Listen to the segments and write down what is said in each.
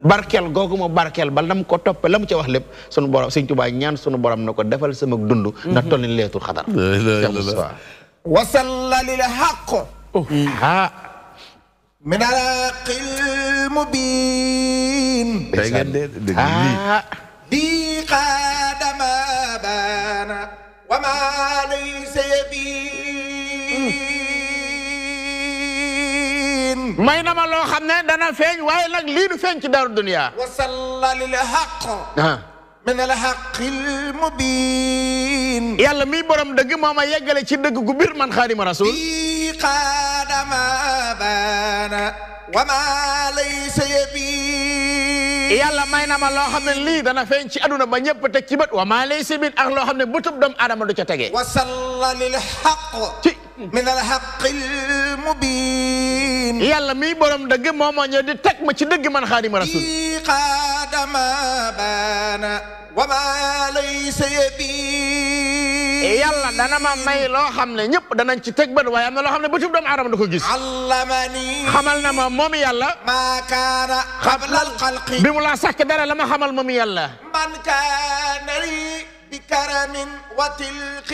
barkeel googu mu barkeel ba lam ko toppe la mu ca wax lépp sunu borom sëñ Tuubaa ñaan sunu borom na ko defal sama dund ndax toll ni leetul xadar wasalla lil haqq ha uhh. ah. min alaqil mubin ah. di qaadama baana wa ma laysa bi hmm. may na ma loo xam ne dana feeñ waaye nag lii du feeñ ci daaru duniya wasalla lil haq min al haqil mubin yàlla mi borom dëgg moo ma yeggale ci dëgg gu biir man xaadima rasul bi qaadama baana wa ma laysa yabi yàlla may na ma loo xam ne lii dana feeñ ci aduna ba ñëpp teg ci bët wa ma laysa bin ak loo xam ne bëtub doomu aadama du ca tege wasalla min al-haqq al-mubin yàlla miy borom dëgg moo ma ñëw di teg ma ci dëgg man xaadima rasul qaadama baana wa ma laysa yabin e yàlla dana ma may loo xam ne ñëpp danañ ci teg bët waaye am na loo xam ne bëtub doomu aadama da ko gis allamani xamal na ma moom yàlla ma kaana qabla al-khalqi bi mu laa sàkk dara la ma xamal moom yàlla man kaana li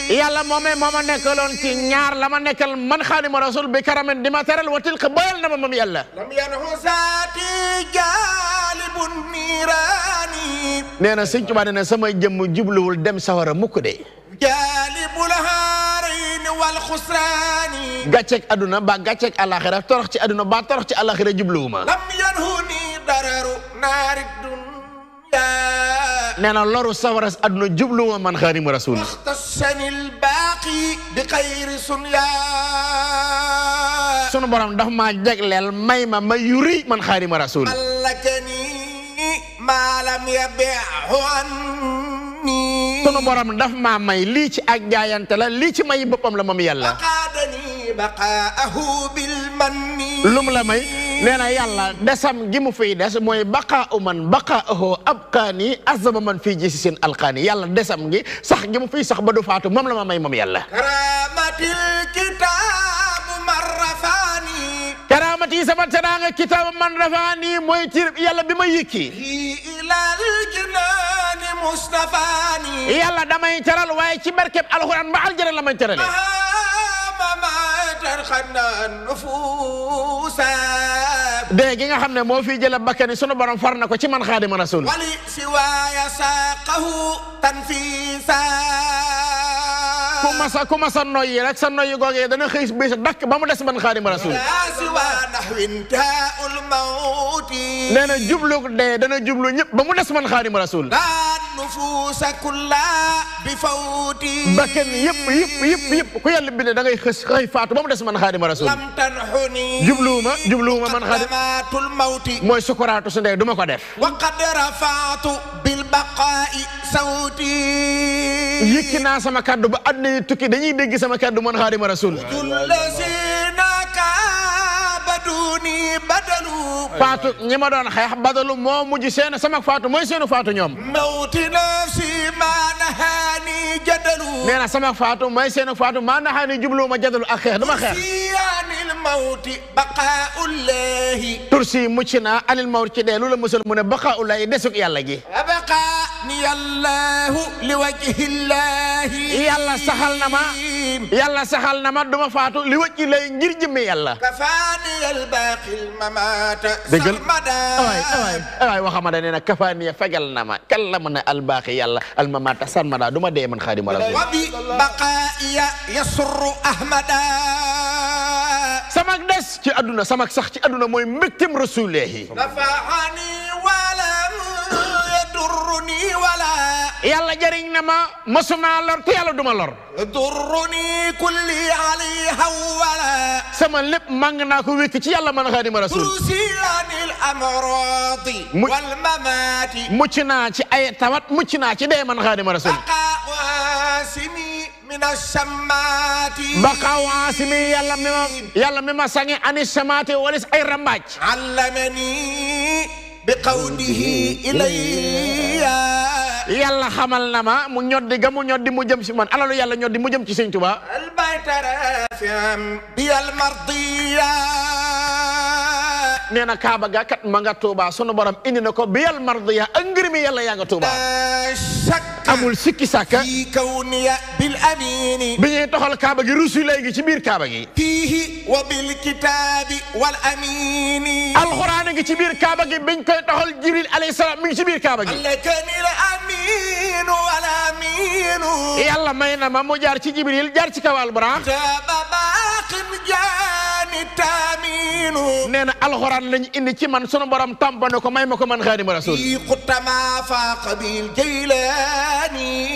yàlla moomee moo ma nekkaloon ci ñaar la ma nekkal man xaadima rasul bi karamin di ma teral wa tilq boyal na ma moom yàlla nee na sëñ Tuubaa nee na sama jëmm jubluwul dem sawara mukk de gàcceeg aduna ba gàcceeg alaxira torox ci aduna ba torox ci alaxira jubluwuma nena loru sawaras aduna jublu wa man khanimu rasul waqtasanil baqi bi khairi sunya sunu borom daf ma jeglel mayma mayuri man khanimu rasul malakani ma lam yabi'hu anni sunu borom daf ma may li ci ak jayante la li ci may bopam la mom yalla qadani baqa'ahu bil manni lum la may nee na yàlla desam gi mu fiy des mooy baqaa uman baqaa ahoo ab kaani azaba man fii ji si seen alqaani yàlla desam gi sax gi mu fiy sax ba du faatu moom la ma may moom yàlla karamatil kitaabu marrafaani karamati sama teraanga kitaabu man rafaani mooy ci yàlla bi ma yëkki ilal jinaani mustafaani yàlla damay teral waaye ci barkeb alxuraan ba aljana la may terale dee gi nga xam ne moo fi jëlee bakkani sunu borom far na ko ci man xaadima rasul wali siwaaya saaqahu tanfiisa ku masa ku masa noyyi rek sa noyyi googee dana xëy bis dakk ba mu des man xaadima rasul nee na jublu dee dana jublu ñëpp ba mu des man xaadima rasul Bahkan kulla bi fawdi bakkan yëpp yëpp yëpp yëpp ku yàlla bind da ngay xës xëy faatu ba mu man xaadima rasul lam tanhuni jubluuma jubluuma man xaadimatul mawti mooy sukuraatu su ndey duma ko def wa qad rafaatu bil baqaai sawti yëkki sama kaddu ba àdduna yi tukki dañuy dégg sama kaddu man xaadima rasul duuni badalu. faatu ñi ma doon xeex badalu moo mujj seen sama faatu mooy seenu faatu ñoom. mawti nafsi maa naxaani jadalu. nee na sama faatu mooy seenu faatu maa naxaani jublu ma jadalu ak xeex dama xeex. anil mawti baqaaullahi. tursi mucc naa anil mawti ci dee lu la musal mu ne baqaaullahi desug yàlla gi. li wajhillahi yàlla saxal na ma yàlla saxal na ma du ma faatu li wajhi lay ngir jëmme yàlla kafaaniyal baaqil mamaata dëggal awaay awaay awaay waxamada nee na kafaaniya fegal na ma kan la mën a albaaqi yàlla almamaata sarmada du ma dee man xaadimu rasul wa bi baqaaya yasurru ahmada samak des ci adduna samak sax ci adduna mooy mbégtem rasuleehi yàlla jëriñ na ma mosuma lor te yàlla duma lor. durruni kulli ali hawala. sama lépp màng naa ko wékk ci yàlla man xaadima rasul. rusilanil amrati wal mamati. mucc naa ci ay tawat mucc naa ci dee man xaadima rasul. Baka waasimi yàlla mi ma yàlla mi ma sangi ani samaati walis ay rambaaj. allamani bi qawlihi ilayya yàlla xamal na ma mu ñoddi ga mu ñoddi mu jëm si man alalu yàlla ñoddi mu jëm ci sëñ Tuubaa nee na Kaaba ga kat ma nga Tuubaa sunu borom indi na ko bi yal mardiya ak mi yàlla yaa nga Tuubaa amul sikki sàkka fii kawniya bil amini bi ñuy toxal kaaba gi rusu léegi ci biir kaaba gi fiihi wa bil kitaabi wal amini alxuraan a ngi ci biir kaaba gi biñ koy toxal jibril alayhi salaam mi ngi ci biir kaaba gi alkanil aminu wal aminu yàlla may na ma mu jaar ci jibril jaar ci kaw alburaan nee na alxuraan lañ indi ci man sunu borom tàmbane ko may ma ko man xaadimu rasul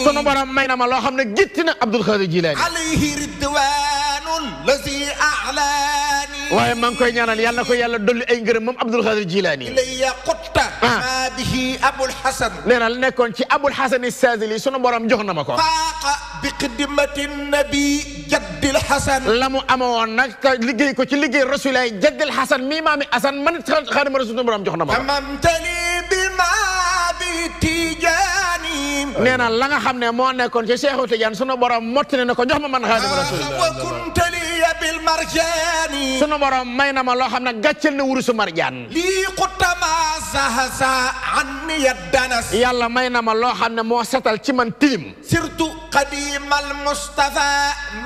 sunu borom may na ma loo xam ne gitti na Abdul Xaadir Jilaani alayhi ridwaanun lazi a'la waye mang koy ñaanal yàlla ko yàlla dolli ay ngërëm mom Abdul Xaadir Jilaani ya qutta bihi Abul Hasan neral nekkon ci Abul Hasan Saadili sunu borom jox ko faaqa bi xidmati nabi jaddil Hasan la mu amoon nag ko ci liggéey rasulaay jaddil Hasan mii maami Hasan man xaadima rasul sunu borom jox na ma ko nee na la nga xam ne moo nekkoon ci Cheikh Tidiane sunu borom mottali na ko jox ma man Xaadimu Rasuul sunu borom may na ma loo xam ne gàcceel na wurusu marjaan lii xutama nasahasa anni danas yàlla may na ma loo xam ne moo setal ci man tilim surtout qadimal mustafa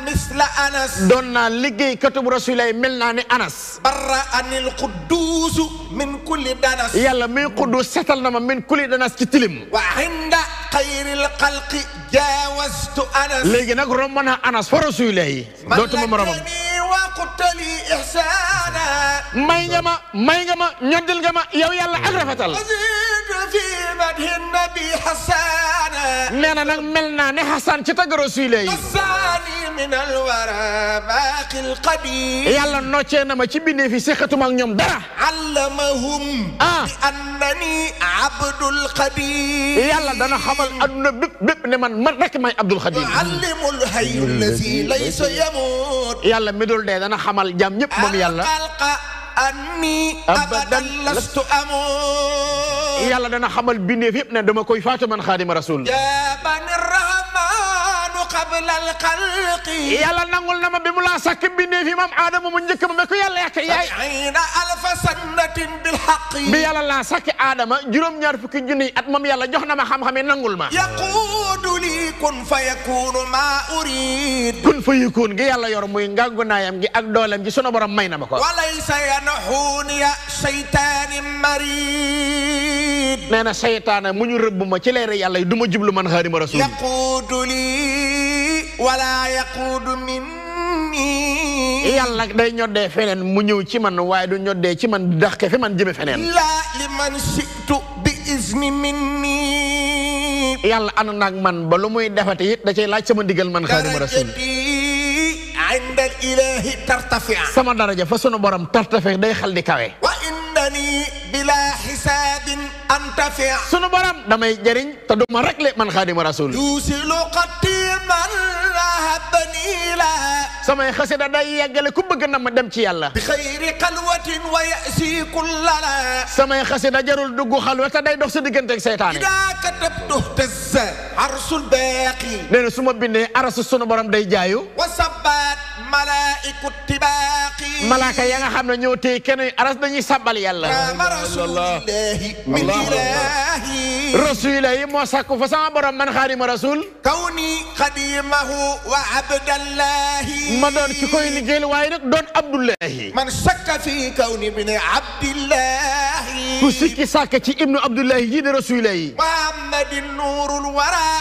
misla anas doon naa liggéey katub rasulay mel naa ni anas barra anil quddus min kulli danas yàlla muy quddus setal na ma min kulli danas ci tilim wa inda xayril xalqi jaawastu anas léegi nag romb naa anas fa rasulay dootuma moromam li ihsana may nga ma may nga ma ñoddil nga ma yow yàlla ak rafetal nee na nag mel naa ne Xasan ci tagg Rasul yi yàlla noccee na ma ci bindee fi seqatuma ak ñoom dara. allamahum. ah. bi annani Abdul Xadim. yàlla dana xamal adduna bépp bépp ne man man rek may Abdul Xadim. yuallimul hayyu allazi laysa yamut. yàlla mi dul dee dana xamal jàmm ñëpp moom yàlla. alxalqa anni abadan lastu amut. yalla dana xamal binde yëpp ne nah, dama koy fatu man khadim rasul al nangul yalla nangul nama bimu la sak binde fi mam adam mu njëkk mu ma ko yàlla yàkk yaay ya. alf sanatin bil haqq bi yalla la sak adam juróom-ñaar fukki junni at mam yalla jox nama xam-xame nangul ma yaquudu li kun fa ma urid kun fayakun gi yalla yor muy ngàggunaayam gi ak doolem gi sunu borom may ko walaysa ya seytaani marid nee na seytaane mu ñu rëbb ma ci leere yàlla yi du ma jublu man xaadima rasul yaquudu lii wala yaquudu minni yàlla day ñoddee feneen mu ñëw ci man waaye du ñoddee ci man dax ke fi man jëme feneen laa li man bi izni minni yàlla ànd naag man ba lu muy defati it da cay laaj sama ndigal man xaadima rasul indal ilaahi tartafia sama daraja fa sunu borom tartafi day xal di kawe tadani bila hisabin antafi sunu borom damay jariñ te duma rek le man khadim rasul yusilu qatiman rahabani la samay xasida day yegale ku bëgg nam dem ci yalla bi xayri qalwatin wa yasi kullala samay xasida jarul duggu xalwa te day dox sa diggante ak seytaane ida katab duh tas arsul baqi neena suma binde arsu sunu borom day jaayu wa sabbat malaikut tiba xam malaaka ya nga xam ne ñoo téye kenn aras dañuy sàbbal yàlla rasulillahi moo sàkku fa sama borom man a rasul kawni xadimahu wa abdallahi ma doon ki koy liggéeyal waaye nag doon abdullahi man sakka fi kawni bin abdillahi ku sikki sàkk ci ibnu abdullahi ji de rasulillahi muhammadin nuurul wara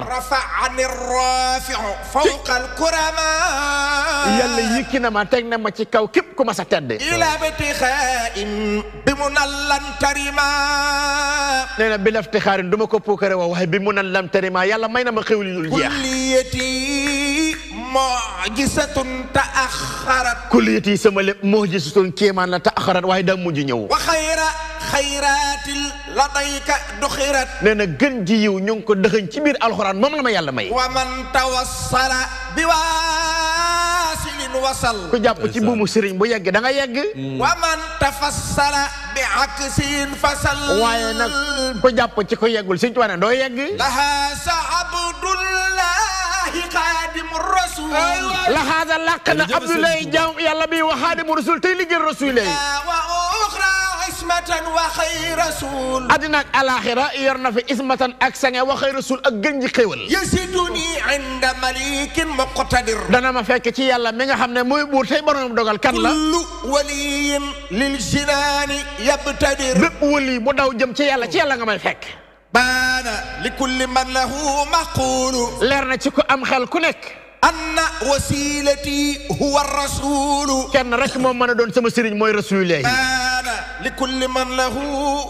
rafaani rafiu fawqa al kurama yàlla yëkki na ma teg na ma ci kaw képp ku ma sa tedd ilabti xaain bi mu nan lan tarima nee na bi lafti xaarin ko puukare wa waaye bi mu nan lan tarima yàlla may na ma xéwli dul jeex mu'jizatun ta'akharat kulliyati sama lépp mu'jizatun kiman la ta'akharat way daa muju ñew wa khayra khayratil ladayka dukhirat neena gën ji yu ñu ko dexeñ ci bir alquran mom la ma yalla may wa man tawassala bi wasal ku japp ci buumu sëriñ bu yegg da nga yegg hmm. wa man tafassala bi aksin fasal way nak ku japp ci ko yeggul sëriñ Tuubaa do yegg laha sahabdullah الله خادم الرسول لهذا لقن عبد الله جام يلا بي وخادم الرسول تي الرسول واخرى اسمة وخير رسول ادنا الاخرة يرنا في اسمة اك سانغ وخير رسول اك گنجي خيول يسدني عند مليك مقتدر دانا ما فك تي يلا ميغا خامني موي بور تي بروم دوغال كان لا ولي للجنان يبتدر بيب ولي مو داو جيم تي يلا تي يلا nga may بان لكل من له مقول leer na ci ku am xel ku nekk أن وسيلتي هو الرسول kenn rek moom mën a doon sama sëriñ mooy rasulullahi بان لكل من له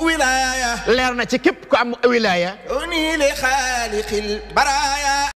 ولاية leer na ci képp ku am wilaaya أني لخالق البرايا